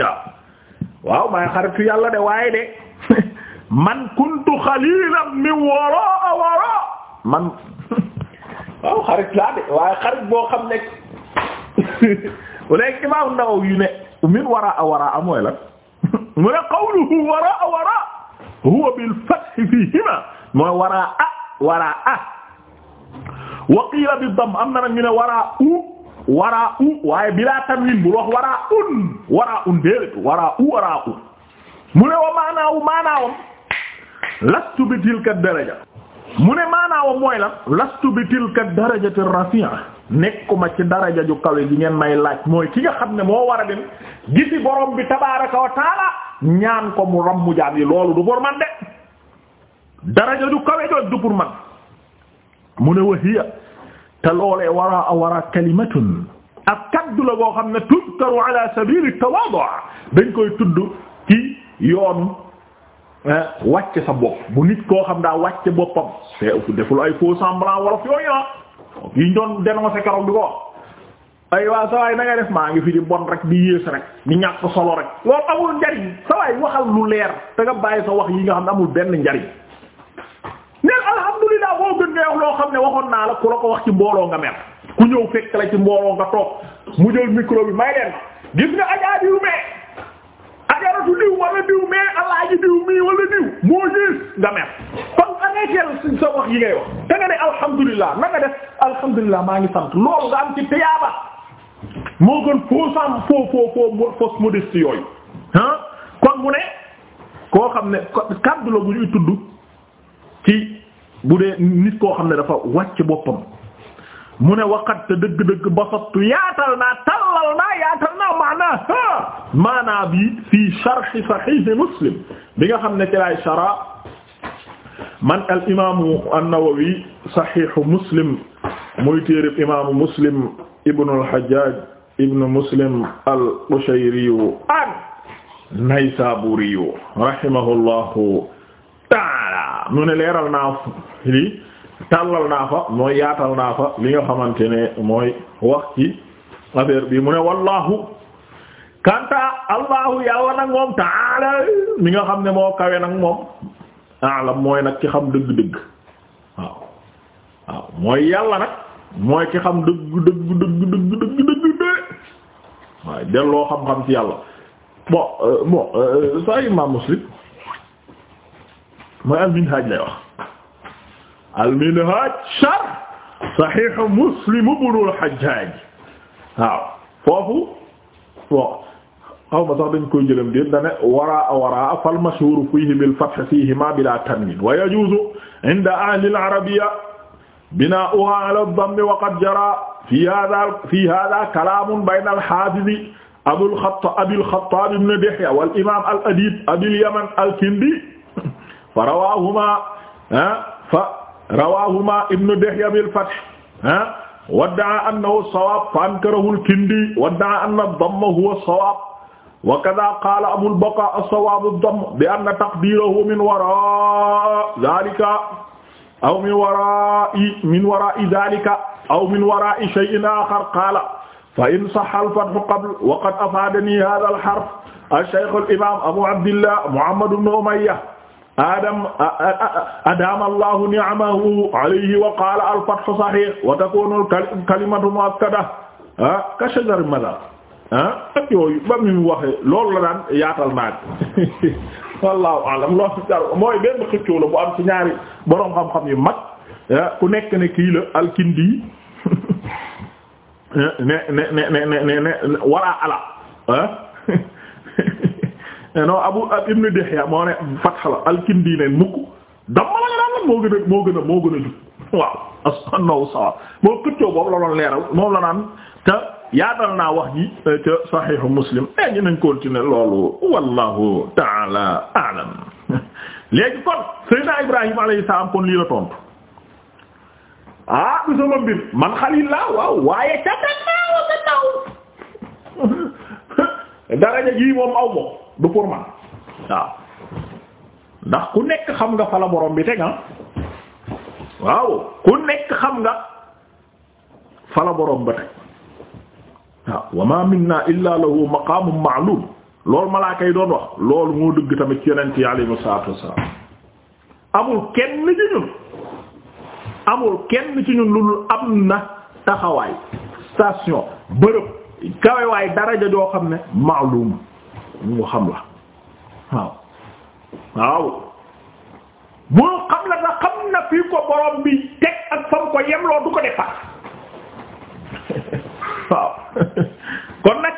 waaw waaw maay xaritu yàlla de waaye de man kuntu xalilan min wara wara man waaw xarit laa de waaye xarit boo xam ne léegi Imaam Nawawi ne min wara wara mooy lan mu ne qawluhu wara wara huwa bil fath fihima mooy wara a wara a wa qila bi dam am na nag ñu ne wara u waraa u waaye bilaa tanwin bul wax waraa un waraa un déedéet waraa u waraa u mu ne wa maanaawu maanaawam lastu bi tilka daraja mu ne maanaawam mooy lan lastu bi tilka darajati rafi'a nekkuma ci daraja ju kawe gi ngeen may laaj mooy ki nga xam ne moo war a gisi borom bi tabaaraka wa taala ñaan ko mu rammu jaam yi loolu du pour man de daraja ju kawe du pour man mu ne wa te loolee wara a wara kalimatun ak kaddu la boo xam ne tudkaru ala sabili tawaadu dañ koy tudd ci yoonu eh, wàcce sa bopp bu nit koo xam daa wàcce boppam te deful ay faux semblant wolof yooyu ah yiñ doon dénoncé keroog bi ko ay waa sawaay na nga def maa ngi fi di bon rek di yées rek di ñàkk solo rek loolu amul njariñ sawaay waxal lu leer te nga bàyyi sa wax yi nga xam ne amul benn njariñ moo gën nga wax loo xam ne waxoon naa la ku la ko wax ci mbooloo nga mer ku ñëw fekk la ci mbooloo nga toog mu jël micro bi may leen gis nga ajaa diw mee ajaratu diw wala diw mee alaaji diw mii wala diw moo gis nga mer kon nga nekkeel sa wax yi ngay wax te nga ne alhamdulilah na def alhamdulilah maa ngi sant loolu nga am ci tiyaaba moo gën foo sam foo foo foo fausse modestie yooyu ah kon mu ne koo xam ne kàddu la bu ñuy bu dee nit koo xam ne dafa wàcc boppam mu ne waqat te dëgg-dëgg basattu yaatal naa tallal naa yaatal naa maanaa ha maanaa bi fii sharh sahih muslim bi nga xam ne ci laay man al imaamu an-Nawawi sahihu muslim muy téereb imaamu muslim ibnu al-Hajjaj ibnu muslim al-Qushayri an-Naysaburi rahimahullahu ta'ala ñu ne leeral naa li tàllal naa fa mooy yaatal naa fa li nga xamante ne mooy wax ci affaire bi mu ne wallahu kanta allahu yàlla nag moom taala mi nga xam ne moo kawe nag moom alam mooy nag ki xam dëgg-dëgg waaw waaw mooy yàlla nag mooy ki xam dëgg dëgg dëgg dëgg dëgg dëgg de waaye delloo xam-xam ci yàlla bon euh, bon sa euh, imam muslim mooy al-Minhaj lay wax al-Minhaj sharh Sahih Muslim ibn al-Hajjaj waaw foofu bon xaw ma sax dañ koy jëlam déet dane waraa waraa fal-mashhur fihi bil-fath fihima bila tanwin wa yajuzu inda ahli al-arabiyya bina'uha ala ad-damm wa qad jara fi hadha fi hadha kalam bayna al-hafiz Abul Khattab Abil Khattab ibn Dihya wal imam al-adib Abil Yaman al-Kindi fa rawaahuma fa rawaahuma ibnu Dihya bil fath wadda'a annahu sawaab fa ankarahu al-Kindi wadda'a anna ad-damma huwa as-sawaab wa kadhaa qaala Abul Baqa' as-sawaab ad-damm bi anna taqdiirahu min waraa'i dhaalika aw min waraa'i min waraa'i dhaalika aw min waraa'i shay'in aakhar qaala fa in sahha al-fathu qabla wa qad afaadanii haadha al-harf ash-shaykh al-imaam Abu Abdillah Muhammad ibn Umayyah adam adaama allahu ni'amahu alayhi wa qaala al-fathu sahih wa takunu kalimatu mu'akkada ah ka shajar madar ah ak yooyu ba mu waxee loolu la daan yaatal naaj wallahu alam loolu jar mooy benn xëccoo la bu am ci ñaari boroom xam-xam yu mag ku nekk ne kii la alkindi ne ne ne ne ne ne ne waraa ala ah Eh, non abu ah, ibnu Dihya moo ne fatx la al mukk damma nga daan lan moo gën a moo gën a moo gën a jub waaw asnawu sawa moo këccoo boobu la doon leeral moom la naan te yaatal naa wax ji eh, ca saxiixu Muslim e ñu nañ continuer loolu wallahu taala alam léegi kon Seydina Ibrahima alayhi kon lii la tontu ah du sama mbir man xalil laa waaw waaye ca gannaaw gannaaw daraja ji moom aw moom du pour man waaw ndax ku nekk xam nga fa la borom bi teg ah waaw ku nekk xam nga fa la borom ba teg waaw wa ma minna illa lahu maqaamun ma'lum loolu malaaka yi doon wax loolu moo dëgg tamit ci yonent yi alayhimu salaatu amul kenn ci ñun amul kenn ci ñun lu am na taxawaay station bërëb kawewaay daraja joo xam ne ma'lum ñu xam la waaw waaw moo xam la nga xam na fii ko borom bi teg ak fam ko yemloo du ko defar waaw kon nag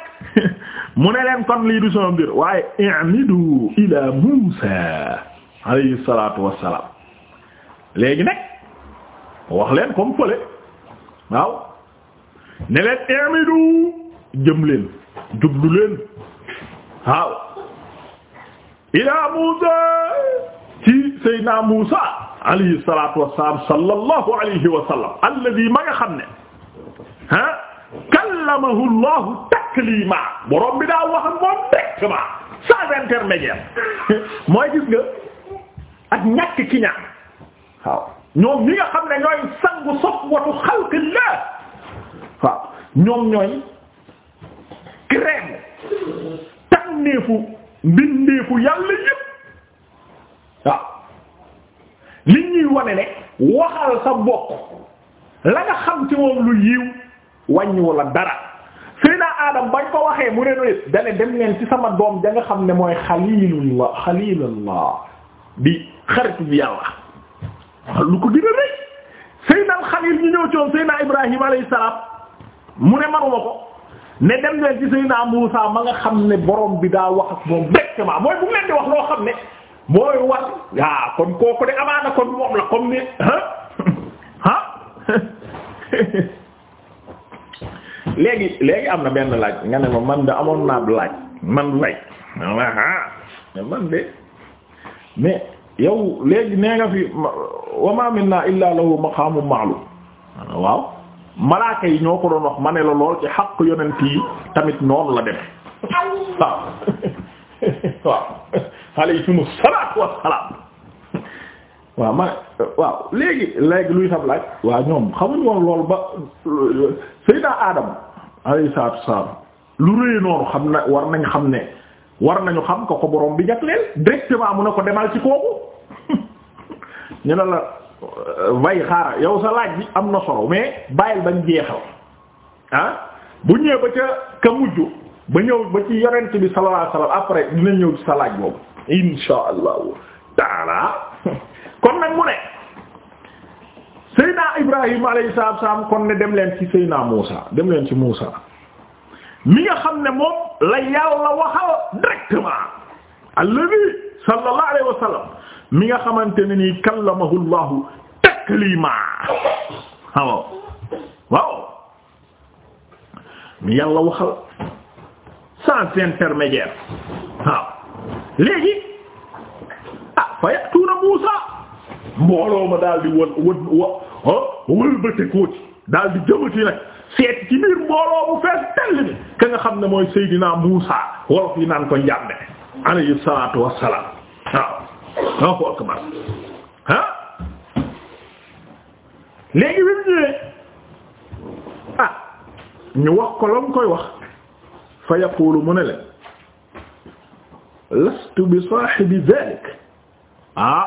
mu ne leen kon lii du sama waaye i'nidu ila Muusa alayhi salaatu wassalaam léegi nag wax leen comme fële waaw ne leen i'nidu jëm leen jublu leen waaw ilaa Muusa ci Seydina Muusa alayhi salaatu wassalaam sallallahu alayhi wa sallam alladhi xam ne ah kallamahu Allahu taklima borom bi daa wax moom directement sans intermédiaire mooy gis nga ak ñàkk ki ñaan waaw ñoom ñi xam ne ñooy sangu safwatu xalqillah waaw ñoom ñooy crème tànneefu mbindeefu yàlla yépp waaw li ñuy wane ne waxal sa bokk la nga xam ci moom lu yiw wàññiwu la dara Seydina Adam bañ ko waxee mu ne noonu dane dem leen ci sama doom ja nga xam ne mooy xalilullah xalilullah di xaritu bi yàlla lu ko gën a rëy Seydina Xalil ñu ñëw coon Seydina Ibrahim alayhi salaam mu ne manuma ko ne dem leen ci Muusa ma nga xam ne borom bi daa wax ak moom directement mooy bu ngeen di wax loo xam ne mooy war yaa kon kooku de amaana kon moom la comme ni ah léegi léegi am na benn laaj nga ne ma man de amoon naa laaj man lay ah man de mais yow léegi nee nga fi wa ma minna illa lahu maqamun ma'lum waaw. malaaka yi ñoo ko doon wax ma ne la lool ci xaq yonent yi tamit noonu la dem waaw waaw alaykumu salaatu wassalaam waaw ma waaw léegi léegi luy sab laaj waa ñoom xamuñ woon lool ba Seydina Adam alayhi salaatu wassalaam lu rëy noonu xam na war nañ xam ne war nañu xam ko ko boroom bi jagleel directement mun na ko demal ci kooku ñu ne la way xaara yow sa laaj bi am na solo mais bàyyil bañ jeexal ah bu ñëwee ba ca ka mujj ba ñëw ba ci yonent bi sallallahu alayhi après dina ñëw sa laaj boobu insha allahu taala kon nag mu ne Seydina Ibrahim alayhi salaam kon ne dem leen ci Seydina Muusa dem leen ci Muusa mi nga xam ne moom la yàlla waxal directement allazi sallallahu alayhi mi nga xamante ne nii kallamahu llahu taklima waaw waaw mi yàlla waxal sans intermédiaire waaw léegi ah fa yatuuna Muusa mbooloo ma daal di wan wan wa wëlbate kóoti daal di jëmati nag seet ci biir mbooloo bu fees tell ni ka nga xam ne mooy Seydina Muusa wolof yi naan ko njàmbe alayhi salaatu wassalaam Allahu léegi bi mu ñëwee ah ñu wax ko la lam koy wax fa lu mu ne leen lastu bi saahibi zalik ah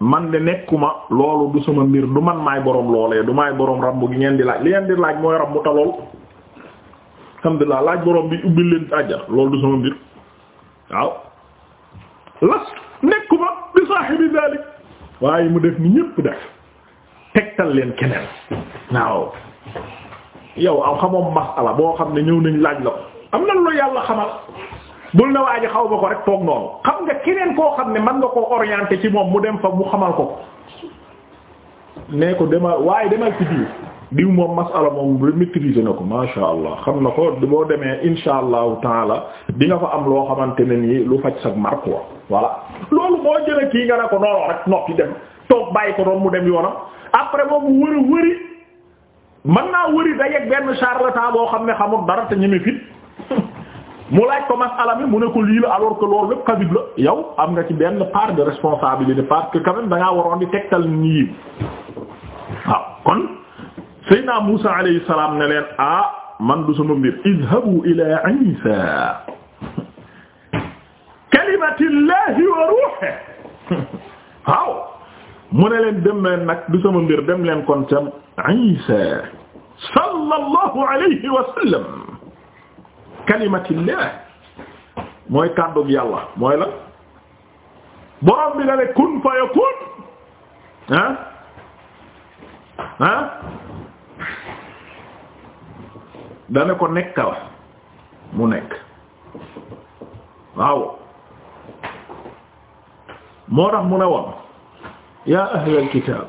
man de nekkuma loolu du sama mbir du man maay boroom loolee du maay boroom rambu gi ngeen di laaj li ngeen di laaj mooy rambu talool alhamdulillah laaj boroom bi ubbil leen àjjar loolu du sama mbir waaw lastu saahibi dalik waaye mu def ni ñépp def tegtal leen keneen waaw yow am xamoom masala boo xam ne ñëw nañu laaj la ko am na lu yàlla xamal bul na waa xaw ma ko rek toog noonu xam nga keneen koo xam ne mën nga koo orienter ci moom mu dem fa mu xamal ko ko ne ko demal waaye demal ci biir diw moom masala moom bu maîtriser na ko masha allah xam na ko boo demee insha allahu taala di nga fa am loo xamante ne nii lu faj sa mar quoi voilà loolu boo jëlee kii nga ne ko noonu rek noppi dem toog bàyyi ko doon mu dem yoonam après moom wëri wëri mën naa wëri dajeeg benn charlatan boo xam ne xamul dara te ñeme fit mu laaj ko masala mi mu ne ko lii la alors que loolu lépp kadib la yow am nga ci benn part de responsabilité parce que quand da waroon di tegtal nii Seydina Muusa alayhi salaam ne leen ah man du sama mbir idhabu ila Isa kalimatillahi wa ruhihi waaw mu ne leen dem leen nag du sama mbir dem leen kon tam Isa sallallahu alayhi wa sallam kalimatillah mooy kàddug yàlla mooy la borom bi la ne kun fa yakun ah ah dana ko nekkal mu nekk waaw moo tax mu ne woon yaa ahlal kitaab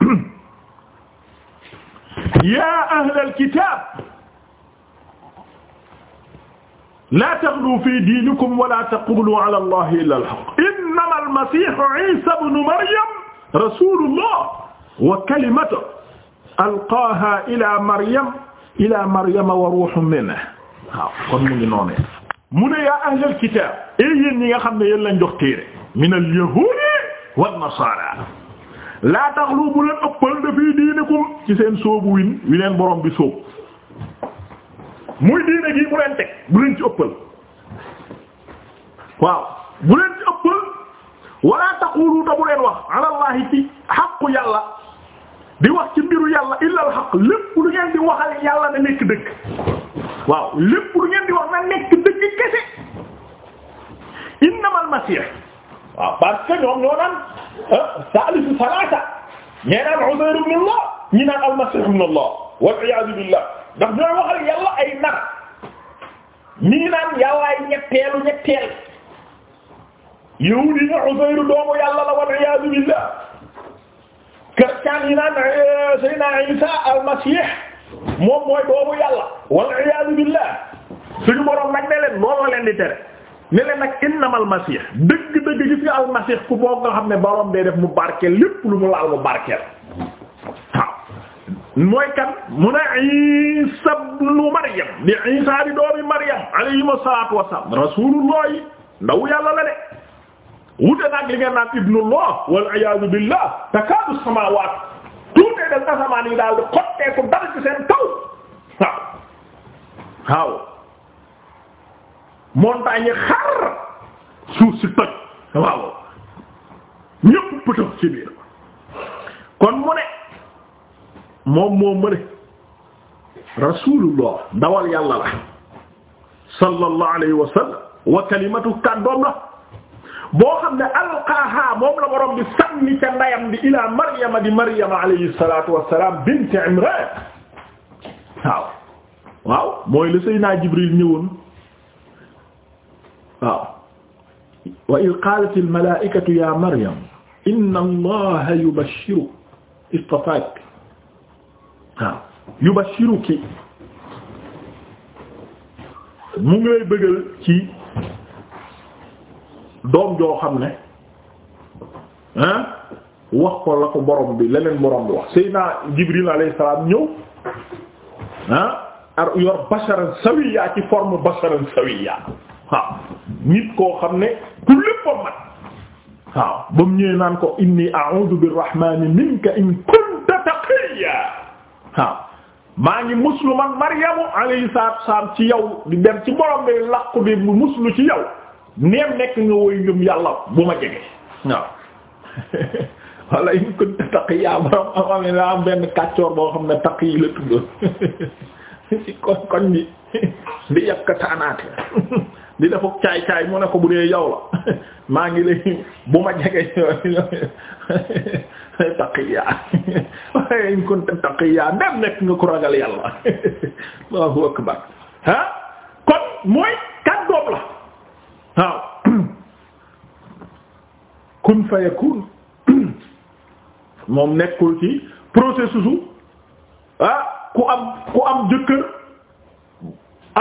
yaa ahlal kitaab laa taxlu fi diinikum wa laa taqulu ala allahi illa alhaq innama almasihu isa ibnu maryam rasulullah wa kalimatuhu alqaaha ila maryam ila maryama wa ruhun minhu waaw kon mu ngi noonee mu ne yaa ahlal kitaab e yéen ñi nga xam ne yéen lañ jox téere min al yahuudi wan nasaara laa taxlu bu leen ëppal dafii diinikum ci seen soobu win wi leen borom bi sóob muy diine gi mu leen teg bu leen ci ëppal waaw bu leen ci ëppal wala taqulu ta bu leen wax ala allahi ci xaqu yàlla di wax ci mbiru yàlla illa al haqq lépp lu ngeen di wax na nekk dëgg kese innamal masih waaw parce que ah, Allah ñi naan al masih Allah wal iyadu billah ndax ñooy waxal yàlla ay nar ñii naan yàllaay ñetteelu ñetteel yow li nga Uzair doomu yàlla wal iyadu billah ñi naan eh, Seydina Isa al-Masih moom mooy doomu yàlla wal iyaadu billah suñu borom nag ne leen loolu leen di tere ne leen nag innamal masih dëgg-dëgg gis nga al masih ku boo nga xam ne borom day def mu barkeel lépp lu mu laal mu barkeel waaw mooy kan mu ne Isa ibnu Maryam di Isa di doomi Maryam alayhi salaatu wassalaam rasulullah ndaw yàlla la de wute nag li nga naan ibnullah wal iyaadu billah takaadu samaawaat suufee dal asamaan yi kon mu moom moom mu dawal yàlla la sallallahu wa kalimatu kàddoom la boo xam ne alqaaha moom la borom bi sànni ca ndayam bi ila maryama di maryama alayhi salatu wassalam bint imran waaw waaw mooy la sayna jibril ñëwoon waaw wa id qalat al malaikatu ya maryam inna allaha yubashshiruki istafaaki waaw yubashshiruki mu ngi lay bëggal ci doom joo xam ne wax ko la ko borom bi leneen borom bi wax Seydina Jibril alayhi salaam yor basharan sawiya ci forme basharan sawiya waaw nit koo xam ne ku lépp a mat waaw ba mu ñëwee naan ko inni a'udhu birrahmani minka in kunta taqiya maa ngi muslu man Maryamu alayhi salaatu ci yow di dem ci borom bi laqu bi muslu ci yow neem nekk nga woy ngëm yàlla bu ma jege waaw walla in kunta taqiya borom am am am benn kàccoor boo xam ne taqi yi la tudd ci koñ koñ bi di yàq taanaate di dafa caay caay mu ne ko bu dee yow la maa ngi lay bu ma jege taqiya walla in kunta taqiya nekk nga ku ragal yàlla Allahu akbar ha kon mooy kàddoom la waaw kun fayakun moom nekkul ci processus ah ku am ku am jëkkër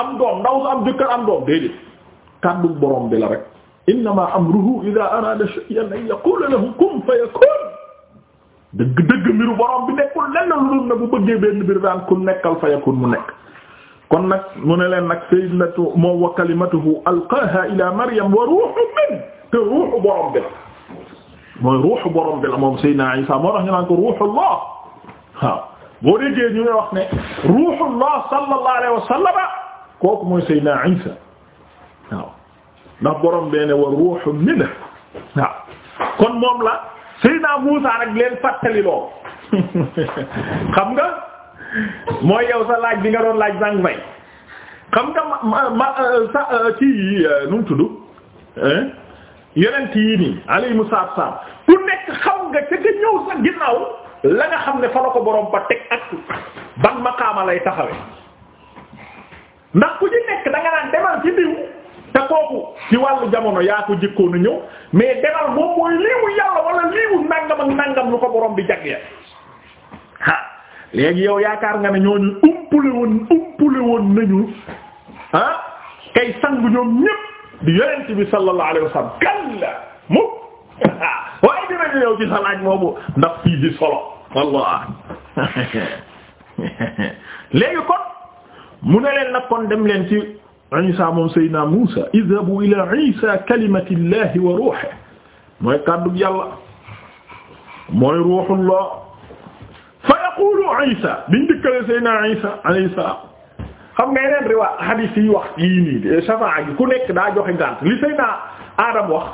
am doom ndaw su am jëkkër am doom déedéet kàddu borom bi la rek innama amruhu idha arada shay'an an yaqula lahu kun fayakun dëgg dëgg mbiru borom bi nekkul lenn lu dul na bu bëggee benn mbir daan mu nekk kon nag mu leen nag sayyidatu moom wa kalimatuhu alqaaha ila maryam wa ruuhun min te ruuxu borom bi la mooy ruuxu borom bi la moom sayyidina Isa moo ne ruuxullah sallallahu alayhi wa sallam kooku mooy sayyidina Isa waaw ndax borom bee ne wa ruuhun minhu mooy yow sa laaj bi nga doon laaj sànq xam nga ma ma euh, sa euh, kii euh, nu mu tudd yonent yii nii alayhimu salaatu salaam ku nekk xam nga ca nga ñëw sa ginnaaw la nga xam ne fa la ko borom ba teg ak ban maqaama lay taxawee ndax ku ci nekk da nga demal ci diw te kooku ci wàllu jamono yaa ko jëkkoon a ñëw mais demal moom mooy lii yàlla wala lii wu ak nangam lu ko borom di jagleel ah. léegi yow yaakaar nga ne ñooñu umpule nañu ah kay sang ñoom ñépp di yonent bi sallallahu alayhi wasallam kalla mu waaye dinañu yow ci sa laaj ndax fii di solo wallah léegi kon mu ne leen nag dem leen ci Isa moom Seydina Muusa idhabu ila Isa kalimati llahi wa ruhi mooy kàddu yàlla mooy ruhullah yaqulu Isa biñ dëkkale Seydina Isa alayhi salaam xam nga yeneen riwaa hadith yi wax yii nii shafaa gi ku nekk daa joxe ngànt li Seydina Adam wax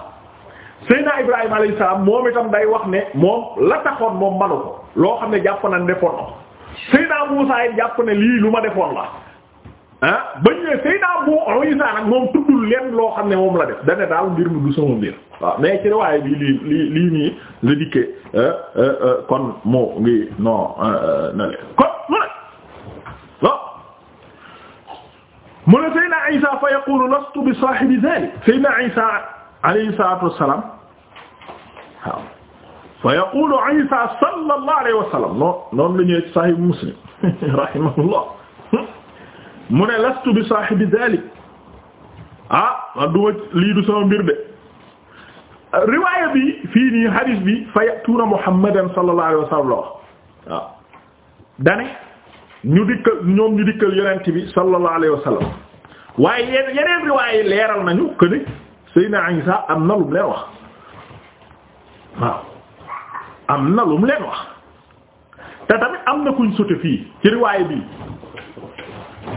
Seydina Ibrahima alayhi salaam moom itam day wax ne moom la taxoon moom manu ko loo xam ne jàpp na defoon na Seydina Muusaa yi jàpp ne lii lu ma defoon la ah ba ñu ne Seydina Abu Isa nag moom tuddul leen loo xam ne moom la def dane daal mbir mi du sama mbir waaw mais ci riwaay bi lii lii lii nii la dikke kon moo ngi non na leen kon mu ne non mu ne Seydina Isa fa yaqulu lastu bi sahibi dhalik Seydina Isa alayhi salatu wassalam waaw fa yaqulu Isa sallallahu alayhi wa sallam noon noonu la ñëwee ci Sahih Muslim rahimahullah mu ne lastu bi saahibi zalik ah man duma lii du sama mbir de riwaaya bi fii nii hadis bi fa yatuuna muhammadan sallallahu alayhi wa sallam la wax waaw ah. dane ñu dikkal ñoom ñu dikkal yonent bi sallallahu alayhi wa sallam waaye yeneen yeneen riwaaya yi leeral nañu que ne Seydina Isa am na lum leen wax waaw am na lum leen wax te tamit am na kuñ sote fii ci riwaaya bi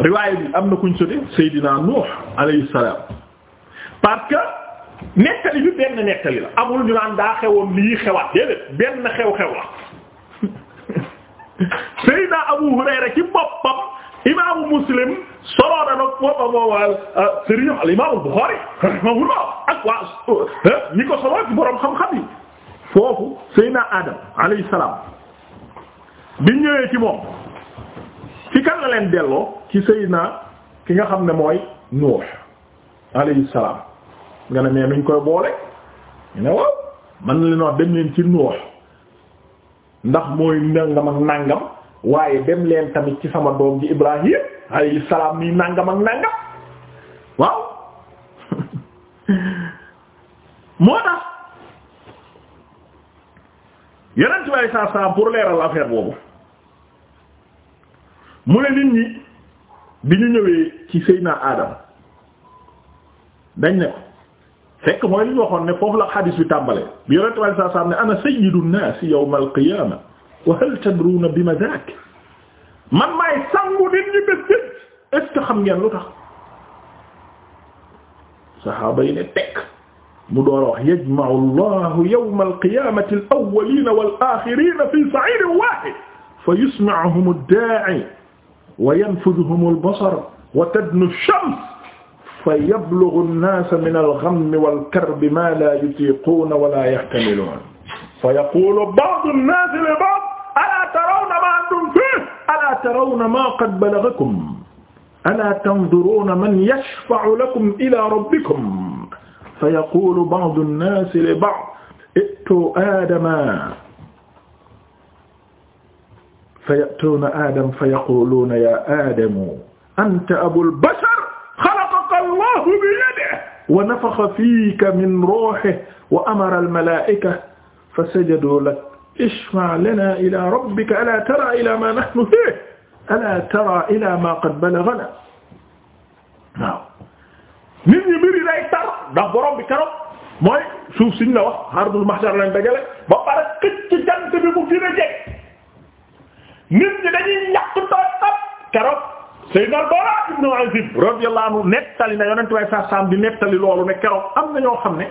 riwaay bi am na kuñ soti Seydina Nuux alayhi salaam parce que nettali bi benn nettali la amul ñu naan daa xewoon lii xewaat déedéet benn xew-xew la Seydina Abu Hurayra ci boppam imaamu Muslim solo na nag boppam moo waral ah, sëriñam al imaamu Buxaari rahimahullah ak waa ah, ñi ko solo ci borom xam-xam yi foofu Seydina Adam alayhi salaam biñ ñëwee ci moom ci kan la leen delloo. ci naa ki nga xam ne mooy Nuux alayhi salaam nga ne mais nuñ koy boole ñu man na leen wax dem leen ci Nuux ndax mooy nangam ak nangam waaye dem leen tamit ci sama doom ji Ibrahim alayhi salaam nii nangam ak nangam waaw moo tax yeneen ci waaye saa saa pour leeral affaire boobu mu ne nit ñi. bi ñu ñëwee ci Seyna Adam dañ ne ko fekk mooy li ñu waxoon ne foofu la xadis bi tàmbalee bi yonent bi saa saam ne ana sayyidu nnaas yawma al-qiyaama wa hal tadruuna bima zaak man maay sangu nit ñi bés bés est-ce que xam ngeen lu tax saxaaba yi ne tekk mu door a wax yajma'u Allahu yawma al-qiyaamati al-awwaliina wal-aaxiriina fii sa'iidin waahid fa yusmi'uhum ad-daa'i wa yanfudhuhum al-basar wa tadnu ash-shams fa yablughu an-nasa min al-ghammi wal-karbi ma la yutiquna wa la yahtamilun fa yaqulu ba'du an-nasi li ba'd ala tarawna ma antum fihi ala tarawna ma qad balaghakum ala tanzuruna man yashfa'u lakum ila rabbikum fa yaqulu ba'du an-nasi li ba'd i'tu adama fa ya'tuuna aadam fa yaquluuna ya aadamu anta abul bashar xalaqaka allahu bi yadihi wa nafaxa fiika min ruuhihi wa amara al-malaa'ikata fa sajaduu laka ishfa' lanaa ilaa rabbika alaa taraa ilaa maa nahnu fiihi alaa taraa ilaa maa qad balaghanaa waaw nit ñi mbir yi day tar ndax borom bi keroog mooy suuf si ñu la wax ardul mahshar lañ dajale ba pare ci jant bi mu gën a jege nit ñi dañuy ñàkk doon am keroog Seydina Bara ibn Azib radiyallahu anhu nettali na yonent way sa sam nettali loolu ne keroog am na ñoo xam ne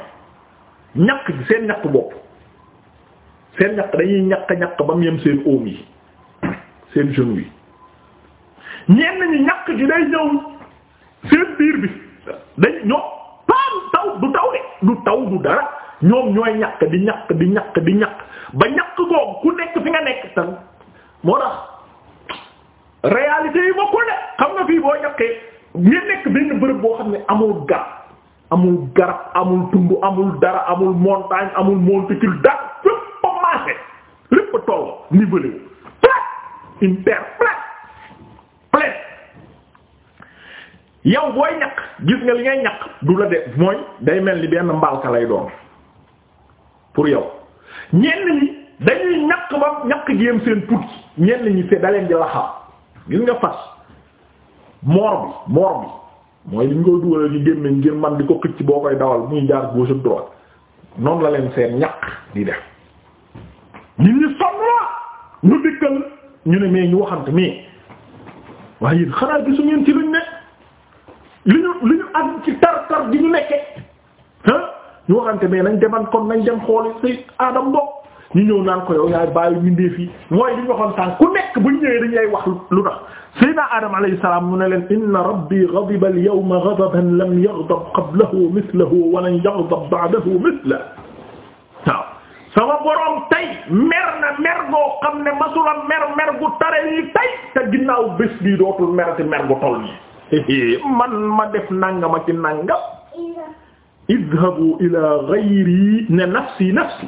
ñàkk gi seen ñàkk bopp seen ñàkk dañuy ñàkk ñàkk ba mu yem seen oom yi seen genou yi ñenn ñi ñàkk gi day ñëw seen biir bi dañ ñoo paam taw du taw de du taw du dara ñoom ñooy ñàkk di ñàkk di ñàkk ba ñàkk googu ku nekk fi nga nekk tan moo tax réalité yi bokkul ne xam nga fii boo ñaqee nga nekk benn bërëb boo xam ne amul garab amul garab amul tund amul dara amul montagne amul monticule dara lépp a lépp toll nivelé wu plate une terre plate plate yow booy ñaq gis nga li ngay ñaq du la de mooy day mel ni benn mbalka lay doon pour yow ñenn ñi dañuy ñaq ba ñaq géem seen put ñenn ñi se daleen di laxaw gis nga fas moor bi moor bi mooy li ñu koy dugalal ñu gémmiñ ngir man di ko xëcc boo koy dawal muy jaar gauche ak droite noonu la leen seen ñaq di def nit ñi sonn la ñu dikkal ñu ne mais ñu waxante mais waaye yéen xanaa gisu ngeen ci luñ ne li ñu li ñu am ci tar tar gi ñu nekke ah ñu waxante mais nañ deman kon nañ dem xooli si aadam ñu ñëw yaay bàyyi li ñu waxoon sànq ku ñu ñëwee dañ wax lu tax Adam alayhi salaam mu ne leen inna rabbi ghadiba al-yawma ghadaban lam yaghdab qablahu mithlahu wa lan yaghdab ne masula mer tare yi tey te ginnaaw bés bii dootul man ma def nangama ci nangam idhabu ila ghayri ne nafsi nafsi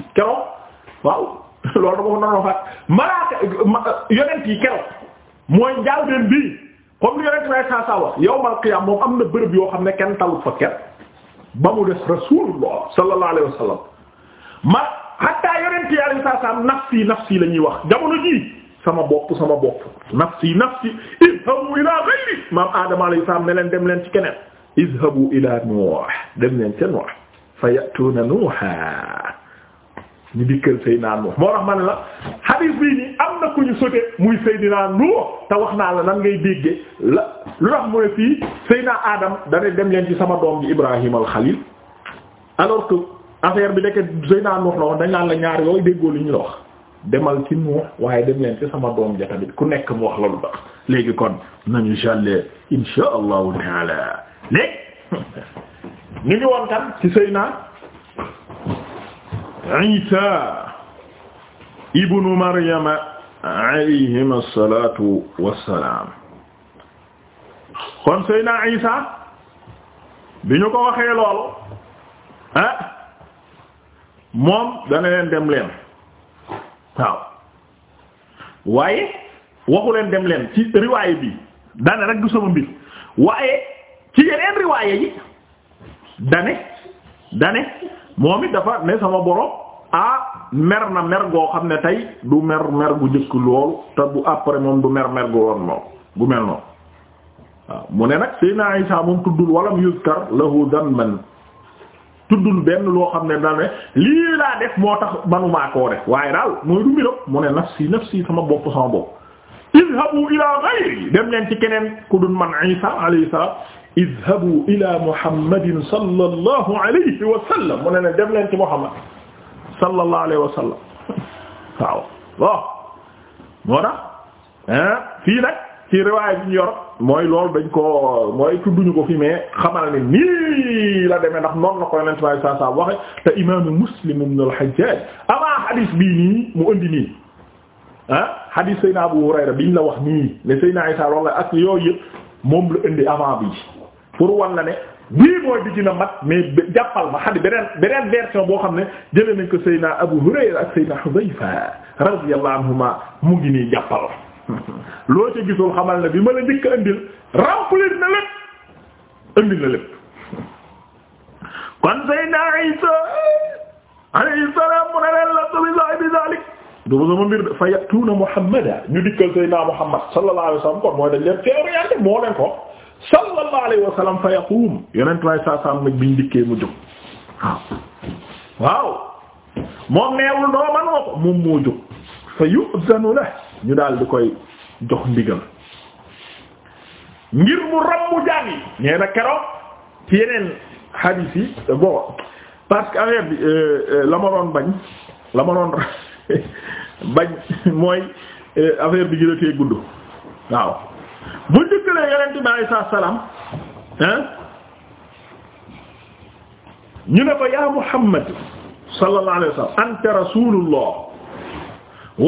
waaw loolu dama ko naroon faat malaaka yonent yi keroog mooy njaal den bii comme li yonent may saa saa wax yawmal qiyaam moom am na bërëb yoo xam ne kenn talut fa kenn ba mu des rasulullah sallallahu alayhi wa sallam ma hatta yonent yi alayhi saa saa nafsi nafsi la ñuy wax jamono ji sama bopp sama bopp nafsi nafsi izhabu ila ghayri maam Adama alayhi salaam ne leen dem leen ci keneen izhabu ila nuuh dem leen ca nuuh fa ya'tuna nuuha ñu dikkal naa Nuux moo tax ma la hadith bii nii am na ku ñu sote muy Seydina Nuux te wax naa la nan ngay déggee la lu tax mu ne fii Seydina Adam dana dem leen ci sama doom ji Ibrahim al-Khalil alors que bi nekk naa Nuux la wax dañ naan la ñaar yooyu déggoo li ñu la wax demal ci Nuux waaye dem leen ci sama doom ja tamit ku nekk mu wax la lu tax léegi kon nañu jàllee insha allahu taala léegi ñu ngi woon kan ci Seydina Isa ibnu Maryama alayhima salaatu ko waxee lool ah moom dana waaye waxu leen dem leen ci riwaay bi dane rek du sama mbir waaye ci yeneen riwaay yi dane dane moom it dafa ne sama borom ah mer na mer goo xam ne tey du mer mer bu njëkk loolu te bu après moom du mer mer gu woon moom gu mel noonu waaw mu ne nag Seydina Isa moom tuddul walam yuzkar lahu dhanban tuddul benn loo xam ne daal ne lii laa def moo tax manumaa koo def waaye daal mooy du mbiram mu ne nafsi si sama bopp sama bopp. idhabu ila ghayri dem leen ci keneen ku dun man Isa alayhi salaam idhabu ila muhammadin sallallahu alayhi wa sallam mu ne ne dem leen ci muhammad sallallahu alayhi wa sallam waaw bon moo tax fii nag ci riwaay bi ñu yor mooy loolu dañ ko mooy tudduñu ko fi mais xamal ne nii la demee ndax noonu la ko yonent bi saa saa waxe te imaamu muslim ibn al-Hajjaj avant hadis bii nii mu indi nii ah hadis Seydina Abu Hurayra biñ la wax nii ne Seydina Isa loolu la ak yooyu yëpp moom la indi avant bi pour wan la ne bii mooy bi gën a mat ma xam beneen beneen version boo xam ne jëlee nañ ko Seydina Abu Hurayra ak Seydina Hudayfa radiyallahu anhuma mu ngi nii loo ca gisul xamal ne bi ma la njëkk andil remplir na lépp andil na lépp kon Seydina Isa alayhi salaam mu ne leen la tubisaay bi dalik du sama mbir de fa yattuuna Muhammada ñu dikkal Seydina Muhammad sallallahu alayhi wasallam kon mooy dañ leen teeru yàlla moo leen ko sallallahu alayhi wa sallam fa yaquum yonent waay saa saam biñ dikkee mu jóg waaw moom neewul doo manoo ko moom moo jóg fa yu'zanu la ñu daal di koy jox ndigal ngir mu rammu jaam yi nee keroog ci yeneen hadith yi bon parce que affaire bi euh, euh, la ma doon bañ la ma doon bañ mooy euh, affaire bi gën a tee gudd waaw bu njëkkalee yonent bi alayhi salaam ah ñu ne ko yaa Muhammad sallallahu alayhi wa sallam anta rasulullah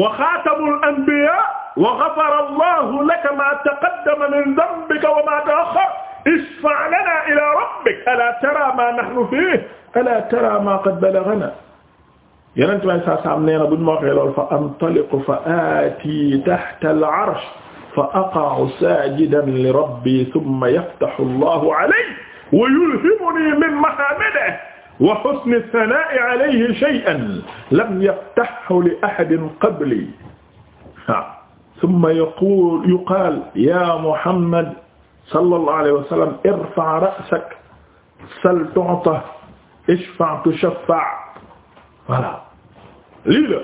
wa xaatamul anbiya wa ghafara allahu laka ma taqaddama min dhanbika wa ma ta'akhkhara isfa' lana ila rabbika ala tara ma nahnu fihi ala tara ma qad balaghana yonent bi alayhi salaam nee na buñ ma waxee lool fa antaliq fa aati tahta al-arsh fa aqa'u sajidan li rabbi thumma yaftahu Allahu alayhi wa yulhimuni min mahamidihi wa husni thana'i alayhi shay'an lam yaftahu li ahadin qabli thumma yaqulu yuqalu ya Muhammad sallallahu alayhi wa sallam irfa' ra'sak sal tu'ta ishfa' tushaffa' voilà lii la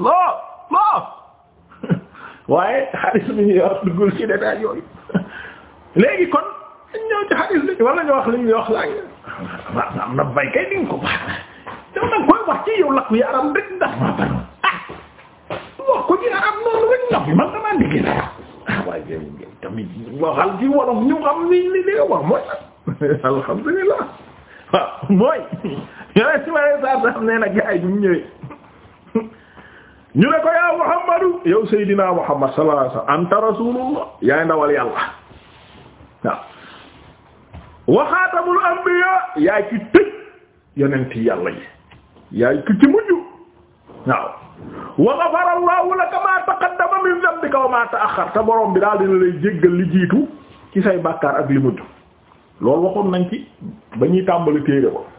non non waaye xadis bi ñuy wax duggul ci détail yooyu léegi kon dañ ñëw ci xadis bi wala ñu wax li ñuy wax laaj waaw am na bay kay di nga ko baax dam nag koy wax ci yow lakk yi aram rek ndax ma ban ah wax ko ci aram noonu rek ndax bi man damaa dégg dara ah waaye jé jé tamit waxal ci wolof ñu xam ni li li wax mooy alhamdulillah waaw mooy yone si ware sar sam nee na gaay bu ñu ñëwee ñu ne ko yaa Muhammadu yow Seydina Muhammad sallallahu alayhi wasallam anta rasulullah yaay ndawal yàlla waaw wa xaatamul yaay ki tëj yonenti yàlla yi yaay ki ci mujj waaw wa ghafara Allahu laka ma taqaddama min dhanbika wa ma ta'akhkhar te borom bi daal dina lay jéggal li jiitu ci say bàkkaar ak li mujj loolu waxoon nañ ci ba ñuy tàmbali téere ko